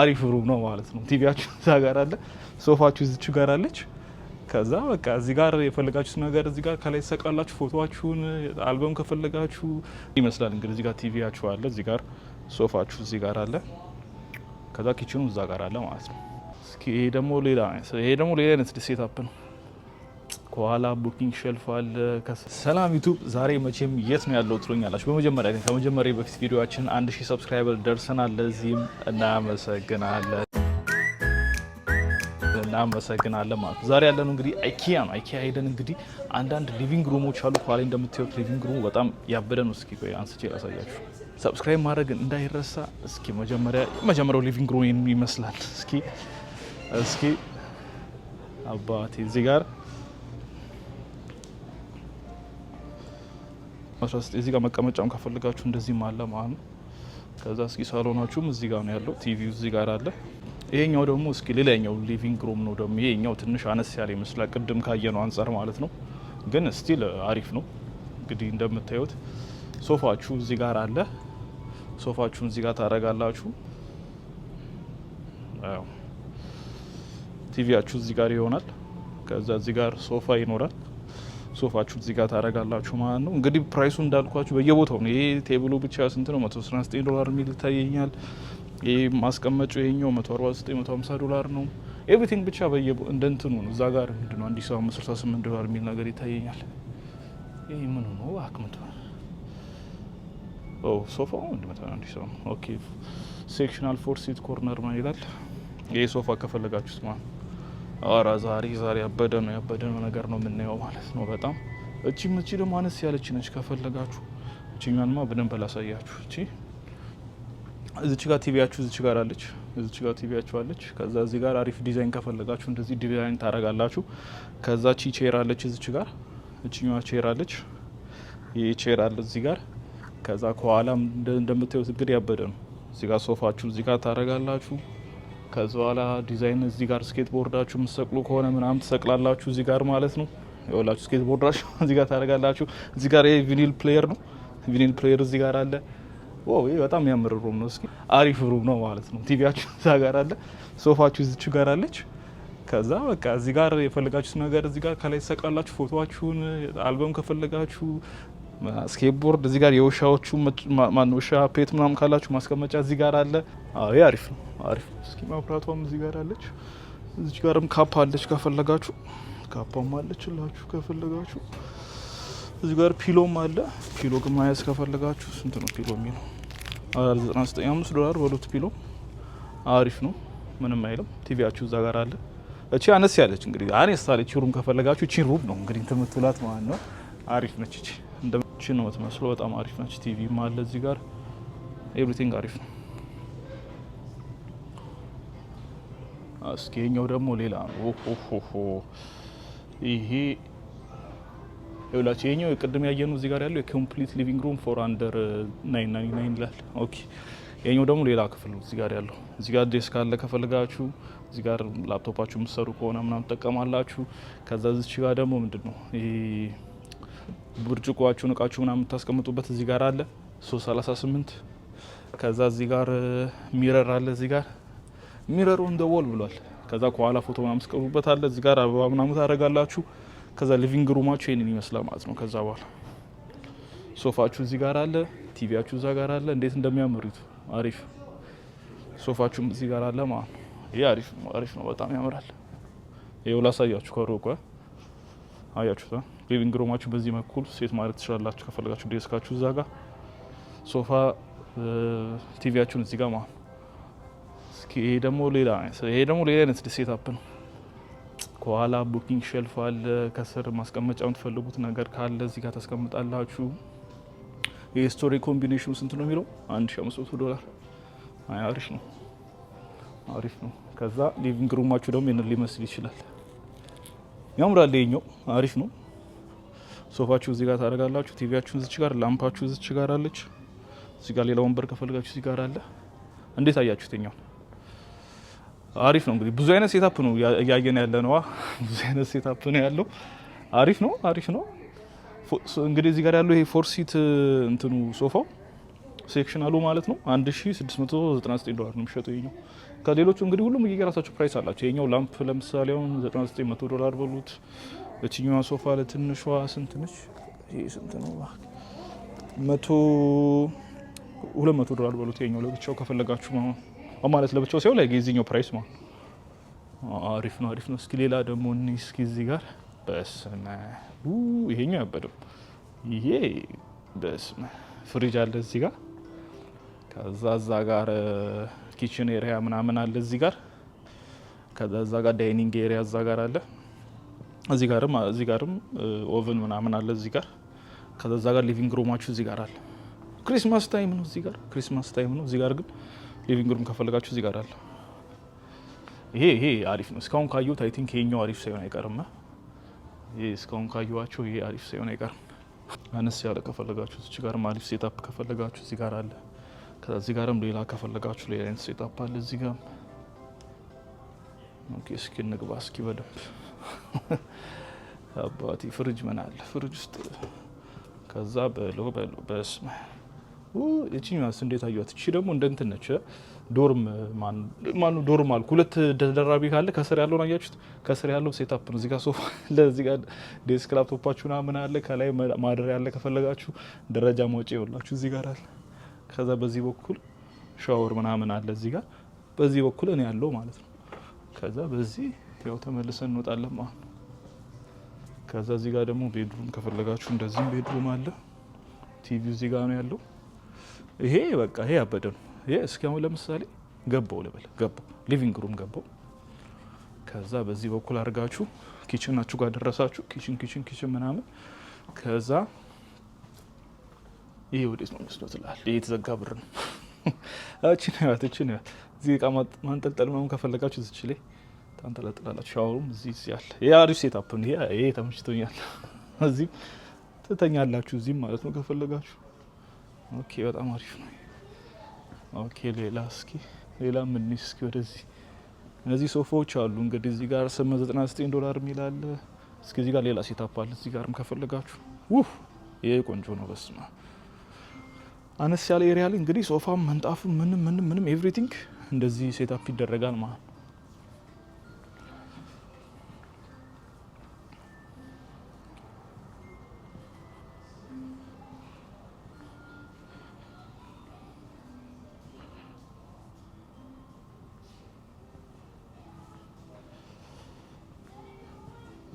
አሪፍ ሩም ነው ማለት ነው። ቲቪያችሁ እዛ ጋር አለ፣ ሶፋችሁ እዚች ጋር አለች። ከዛ በቃ እዚህ ጋር የፈለጋችሁት ነገር እዚህ ጋር ከላይ ሰቅላላችሁ ፎቶችሁን፣ አልበም ከፈለጋችሁ ይመስላል እንግዲህ። እዚህ ጋር ቲቪያችሁ አለ፣ እዚህ ጋር ሶፋችሁ እዚህ ጋር አለ። ከዛ ኪችኑ እዛ ጋር አለ ማለት ነው። እስኪ ይሄ ደግሞ ሌላ ይሄ ደግሞ ሌላ አይነት ሴታፕ ነው። ከኋላ ቡኪንግ ሸልፍ አለ። ሰላም ዩቱብ፣ ዛሬ መቼም የት ነው ያለው ትሉኛላችሁ። በመጀመሪያ ግን ከመጀመሪያ በፊት ቪዲዮችን አንድ ሺህ ሰብስክራይበር ደርሰናል። ለዚህም እናመሰግናለን እናመሰግናለን ማለት ነው። ዛሬ ያለነው እንግዲህ አይኪያ ነው። አይኪያ ሄደን እንግዲህ አንዳንድ ሊቪንግ ሩሞች አሉ። ከኋላ እንደምታዩት ሊቪንግ ሩሙ በጣም ያበደ ነው። እስኪ ቆይ አንስቼ ላሳያችሁ። ሰብስክራይብ ማድረግ እንዳይረሳ። እስኪ መጀመሪያ የመጀመሪያው ሊቪንግ ሩም ይመስላል። እስኪ እስኪ አባቴ እዚህ ጋር 19 እዚህ ጋር መቀመጫውን ከፈልጋችሁ እንደዚህም አለ ማለት ነው። ከዛ እስኪ ሳሎናችሁም እዚህ ጋር ነው ያለው። ቲቪው እዚህ ጋር አለ። ይሄኛው ደግሞ እስኪ ሌላኛው ሊቪንግ ሩም ነው ደግሞ ይሄኛው ትንሽ አነስ ያለ ይመስላል ቅድም ካየነው አንጻር ማለት ነው። ግን ስቲል አሪፍ ነው። እንግዲህ እንደምታዩት ሶፋችሁ እዚህ ጋር አለ። ሶፋችሁን እዚህ ጋር ታረጋላችሁ። ቲቪያችሁ እዚህ ጋር ይሆናል። ከዛ እዚህ ጋር ሶፋ ይኖራል። ሶፋችሁ እዚህ ጋር ታደርጋላችሁ ማለት ነው። እንግዲህ ፕራይሱ እንዳልኳችሁ በየቦታው ነው። ይሄ ቴብሉ ብቻ ስንት ነው? 119 ዶላር የሚል ይታየኛል። ይህ ማስቀመጫው ይሄኛው 149 150 ዶላር ነው። ኤቭሪቲንግ ብቻ በየ እንደንትኑ ነው። እዛ ጋር ምንድነው 1568 ዶላር የሚል ነገር ይታየኛል። ይህ ምኑ ነው? አክምቶ ሶፋው ሴክሽናል ፎር ሲት ኮርነር ማን ይላል። ይህ ሶፋ ከፈለጋችሁት ማለት ነው አራ ዛሬ ዛሬ ያበደ ነው ያበደ ነው ነገር ነው የምናየው ማለት ነው። በጣም እቺ ምቺ ደግሞ አነስ ያለች ነች። ከፈለጋችሁ እቺኛንማ በደንብ ላሳያችሁ። እቺ እዚች ጋር ቲቪያችሁ እዚች ጋር አለች፣ እዚች ጋር ቲቪያችሁ አለች። ከዛ እዚህ ጋር አሪፍ ዲዛይን ከፈለጋችሁ እንደዚህ ዲዛይን ታረጋላችሁ። ከዛ ቺ ቼር አለች እዚች ጋር፣ እቺኛ ቼር አለች፣ ይሄ ቼር አለ እዚህ ጋር። ከዛ ከኋላም እንደምታዩት እንግዲህ ያበደ ነው። እዚህ ጋር ሶፋችሁ እዚህ ጋር ታረጋላችሁ። ከዚ በኋላ ዲዛይን እዚህ ጋር ስኬት ቦርዳችሁ የምትሰቅሉ ከሆነ ምናምን ትሰቅላላችሁ እዚህ ጋር ማለት ነው። ይኸውላችሁ ስኬት ቦርዳችሁ እዚህ ጋር ታደርጋላችሁ። እዚህ ጋር ቪኒል ፕሌየር ነው። ቪኒል ፕሌየር እዚህ ጋር አለ። ይሄ በጣም የሚያምር ሩም ነው። እስኪ አሪፍ ሩም ነው ማለት ነው። ቲቪያችሁ እዛ ጋር አለ። ሶፋችሁ እዚች ጋር አለች። ከዛ በቃ እዚህ ጋር የፈለጋችሁት ነገር እዚህ ጋር ከላይ ትሰቅላላችሁ ፎቶችሁን፣ አልበም ከፈለጋችሁ ስኬትቦርድ እዚህ ጋር የውሻዎቹ ውሻ ፔት ምናም ካላችሁ ማስቀመጫ እዚህ ጋር አለ። አይ አሪፍ ነው አሪፍ ነው። እስኪ መብራቷም እዚህ ጋር አለች። እዚህ ጋርም ካፓ አለች ከፈለጋችሁ፣ ካፓም አለችላችሁ ከፈለጋችሁ። እዚህ ጋር ፒሎም አለ። ፒሎ ግን ማያዝ ከፈለጋችሁ ስንት ነው ፒሎ የሚለው? ዘጠና ዘጠኝ አምስት ዶላር በሉት። ፒሎ አሪፍ ነው፣ ምንም አይልም። ቲቪያችሁ እዛ ጋር አለ። እቺ አነስ ያለች እንግዲህ አኔ ስታለች ሩም ከፈለጋችሁ እቺ ሩም ነው እንግዲህ ትምትላት ማለት ነው። አሪፍ ነች እቺ እቺ ነው የምትመስለው። በጣም አሪፍ ነች። ቲቪ አለ እዚህ ጋር ኤቭሪቲንግ አሪፍ ነው። እስኪ የኛው ደግሞ ሌላ ኦሆሆ ይሄ ይውላችሁ የኛው ቅድም ያየነው እዚህ ጋር ያለው የኮምፕሊት ሊቪንግ ሩም ፎር አንደር 999 ይላል። ኦኬ የኛው ደግሞ ሌላ ክፍል ነው እዚህ ጋር ያለው። እዚህ ጋር ዴስክ አለ ከፈልጋችሁ፣ እዚህ ጋር ላፕቶፓችሁ የምትሰሩ ከሆነ ምናምን ትጠቀማላችሁ። ከዛ እዚች ጋር ደግሞ ምንድን ነው ብርጭቆዋችሁን እቃችሁ ምናምን የምታስቀምጡበት እዚህ ጋር አለ 338 ከዛ እዚህ ጋር ሚረር አለ እዚህ ጋር ሚረሩ እንደ ወል ብሏል ከዛ ከኋላ ፎቶ ምናምን ስቀሩበት አለ እዚህ ጋር አበባ ምናምን ታደርጋላችሁ ከዛ ሊቪንግ ሩማችሁ ይህንን ይመስላል ማለት ነው ከዛ በኋላ ሶፋችሁ እዚህ ጋር አለ ቲቪያችሁ እዛ ጋር አለ እንዴት እንደሚያምሩት አሪፍ ሶፋችሁም እዚህ ጋር አለ ማለት ነው ይህ አሪፍ ነው በጣም ያምራል ይኸው ላሳያችሁ ከሩቅ አያችሁታ። ሊቪንግ ሮማችሁ በዚህ በኩል ሴት ማድረግ ትችላላችሁ ከፈለጋችሁ። ዴስካችሁ እዛ ጋ፣ ሶፋ ቲቪያችሁን እዚህ ጋ ማለት ይሄ ደግሞ ሌላ ይሄ ደግሞ ሌላ አይነት ሴት አፕ ነው። ከኋላ ቡኪንግ ሸልፍ አለ። ከስር ማስቀመጫ የምትፈልጉት ነገር ካለ እዚህ ጋር ታስቀምጣላችሁ። የስቶሪ ኮምቢኔሽኑ ስንት ነው የሚለው? መቶ ዶላር። አሪፍ ነው፣ አሪፍ ነው። ከዛ ሊቪንግ ሩማችሁ ደግሞ ይህንን ሊመስል ይችላል። ያምራል። ይሄኛው አሪፍ ነው። ሶፋችሁ እዚህ ጋር ታደርጋላችሁ። ቲቪያችሁን እዚች ጋር፣ ላምፓችሁ እዚች ጋር አለች። እዚህ ጋር ሌላ ወንበር ከፈልጋችሁ እዚህ ጋር አለ። እንዴት አያችሁት? ይኛው አሪፍ ነው። እንግዲህ ብዙ አይነት ሴታፕ ነው እያየን ያለ ነዋ። ብዙ አይነት ሴታፕ ነው ያለው። አሪፍ ነው፣ አሪፍ ነው። እንግዲህ እዚህ ጋር ያለው ይሄ ፎር ሲት እንትኑ ሶፋው ሴክሽን አሉ ማለት ነው። 1699 ዶላር ነው የሚሸጠው ይሄኛው። ከሌሎቹ እንግዲህ ሁሉም የራሳቸው ፕራይስ አላቸው። ይሄኛው ላምፕ ለምሳሌ አሁን 9900 ዶላር በሉት። እችኛዋ ሶፋ ለትንሿ ስንት ነች? ይሄ ስንት ነው? መቶ ሁለት መቶ ዶላር በሉት። ይሄኛው ለብቻው ከፈለጋችሁ ማለት ለብቻው ሲሆን ላይ ጊዜኛው ፕራይስ ማለት ነው። አሪፍ ነው፣ አሪፍ ነው። እስኪ ሌላ ደግሞ እስኪ እዚህ ጋር በስመ ይሄኛው ያበደው ይሄ በስመ ፍሪጅ አለ እዚህ ጋር ከዛ እዛ ጋር ኪችን ኤሪያ ምናምን አለ እዚህ ጋር ከዛ እዛ ጋር ዳይኒንግ ኤሪያ እዛ ጋር አለ እዚህ ጋርም እዚህ ጋርም ኦቨን ምናምን አለ እዚህ ጋር ከዛ እዛ ጋር ሊቪንግ ሩማችሁ እዚህ ጋር አለ። ክሪስማስ ታይም ነው እዚህ ጋር ክሪስማስ ታይም ነው እዚህ ጋር ግን ሊቪንግ ሩም ከፈለጋችሁ እዚህ ጋር አለ። ይሄ ይሄ አሪፍ ነው እስካሁን ካየሁት አይ ቲንክ ይሄኛው አሪፍ ሳይሆን አይቀርም። ይሄ እስካሁን ካየኋቸው ይሄ አሪፍ ሳይሆን አይቀርም። አነስ ያለ ከፈለጋችሁ እዚህ ጋርም አሪፍ ሴታፕ ከፈለጋችሁ እዚህ ጋር አለ። ከዚህ ጋርም ሌላ ከፈለጋችሁ ሌላ አይነት ሴታፕ አለ እዚህ ጋር። ኦኬ እስኪ እንግባ እስኪ በደንብ አባቲ ፍሪጅ ምን አለ ፍሪጅ ውስጥ ከዛ በሎ በሎ በስመ እቺኛስ እንዴት አዩት? እቺ ደግሞ እንደ እንትን ነች ዶርም ማኑ ዶርም አልኩ። ሁለት ተደራቢ ካለ ከስር ያለውን አያችሁት? ከስር ያለው ሴታፕ ነው። እዚህ ጋር ሶፋ አለ፣ እዚህ ጋር ዴስክ ላፕቶፓችሁና ምን አለ፣ ከላይ ማደሪያ አለ። ከፈለጋችሁ ደረጃ ማውጪ ይኸውላችሁ እዚህ ጋር አለ። ከዛ በዚህ በኩል ሻወር ምናምን አለ እዚህ ጋር በዚህ በኩል እኔ ያለው ማለት ነው። ከዛ በዚህ ያው ተመልሰን እንወጣለን ማለት ነው። ከዛ እዚህ ጋር ደግሞ ቤድሩም ከፈለጋችሁ እንደዚህም ቤድሩም አለ። ቲቪ እዚህ ጋር ነው ያለው። ይሄ በቃ ይሄ ያበደ ነው። ይሄ እስኪ አሁን ለምሳሌ ገባው ልበል ገባው ሊቪንግ ሩም ገባው። ከዛ በዚህ በኩል አድርጋችሁ ኪችናችሁ ጋር ደረሳችሁ። ኪችን ኪችን ኪችን ምናምን ከዛ ይሄ ወዴት ነው የሚወስደው ትላለህ። ይህ የተዘጋ ብር ነው። እችን ያት እችን ያት እዚህ እቃ ማንጠልጠል ምናምን ከፈለጋችሁ ዝች ላይ ታንጠለጥላላችሁ። ሻወሩም እዚህ ያለ ይህ አሪፍ ሴታፕ ነው። ይሄ ተመችቶኛል። እዚህም ትተኛላችሁ፣ እዚህም ማለት ነው ከፈለጋችሁ። ኦኬ በጣም አሪፍ ነው። ኦኬ ሌላ እስኪ ሌላ ምን እስኪ ወደዚህ እነዚህ ሶፋዎች አሉ እንግዲህ እዚህ ጋር 899 ዶላር የሚላል እስኪ እዚህ ጋር ሌላ ሴታፕ አለ እዚህ ጋርም ከፈለጋችሁ ውህ ይሄ ቆንጆ ነው። በስማ አነስ ያለ ኤሪያ ላይ እንግዲህ ሶፋም ምንጣፉ ምንም ምንም ምንም ኤቭሪቲንግ እንደዚህ ሴታፕ ይደረጋል ማለት ነው።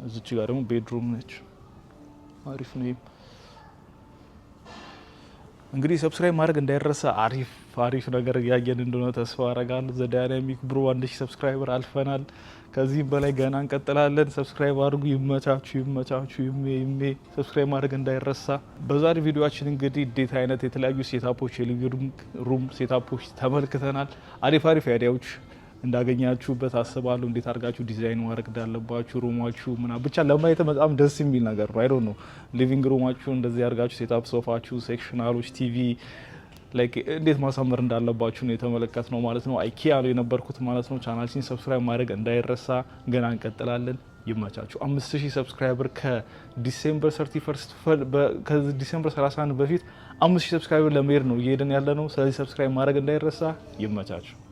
እዚች ጋር ደግሞ ቤድሩም ነች። አሪፍ ነው። እንግዲህ ሰብስክራይብ ማድረግ እንዳይረሰ አሪፍ አሪፍ ነገር እያየን እንደሆነ ተስፋ አረጋለሁ። ዘ ዳይናሚክ ብሮ ሺ ሰብስክራይበር አልፈናል። ከዚህም በላይ ገና እንቀጥላለን። ሰብስክራይብ አድርጉ። ይመቻችሁ ይመቻችሁ። ይሜ ይሜ ሰብስክራይብ ማድረግ እንዳይረሳ። በዛሬ ቪዲዮችን እንግዲህ እንዴት አይነት የተለያዩ ሴታፖች የልዩ ሩም ሴታፖች ተመልክተናል። አሪፍ አሪፍ አይዲያዎች እንዳገኛችሁበት አስባለሁ። እንዴት አድርጋችሁ ዲዛይን ማድረግ እንዳለባችሁ ሩማችሁ ምና ብቻ ለማየት በጣም ደስ የሚል ነገር ነው። አይዶ ነው ሊቪንግ ሩማችሁ እንደዚህ አድርጋችሁ ሴታፕ፣ ሶፋችሁ፣ ሴክሽናሎች፣ ቲቪ ላይክ እንዴት ማሳመር እንዳለባችሁ ነው የተመለከት ነው ማለት ነው። አይኪያ ነው የነበርኩት ማለት ነው። ቻናልችን ሰብስክራይብ ማድረግ እንዳይረሳ። ገና እንቀጥላለን። ይመቻችሁ። አምስት ሺህ ሰብስክራይበር ከዲሴምበር ሰርቲ ፈርስት ከዲሴምበር 31 በፊት አምስት ሺህ ሰብስክራይበር ለመሄድ ነው እየሄደን ያለ ነው። ስለዚህ ሰብስክራይብ ማድረግ እንዳይረሳ። ይመቻችሁ።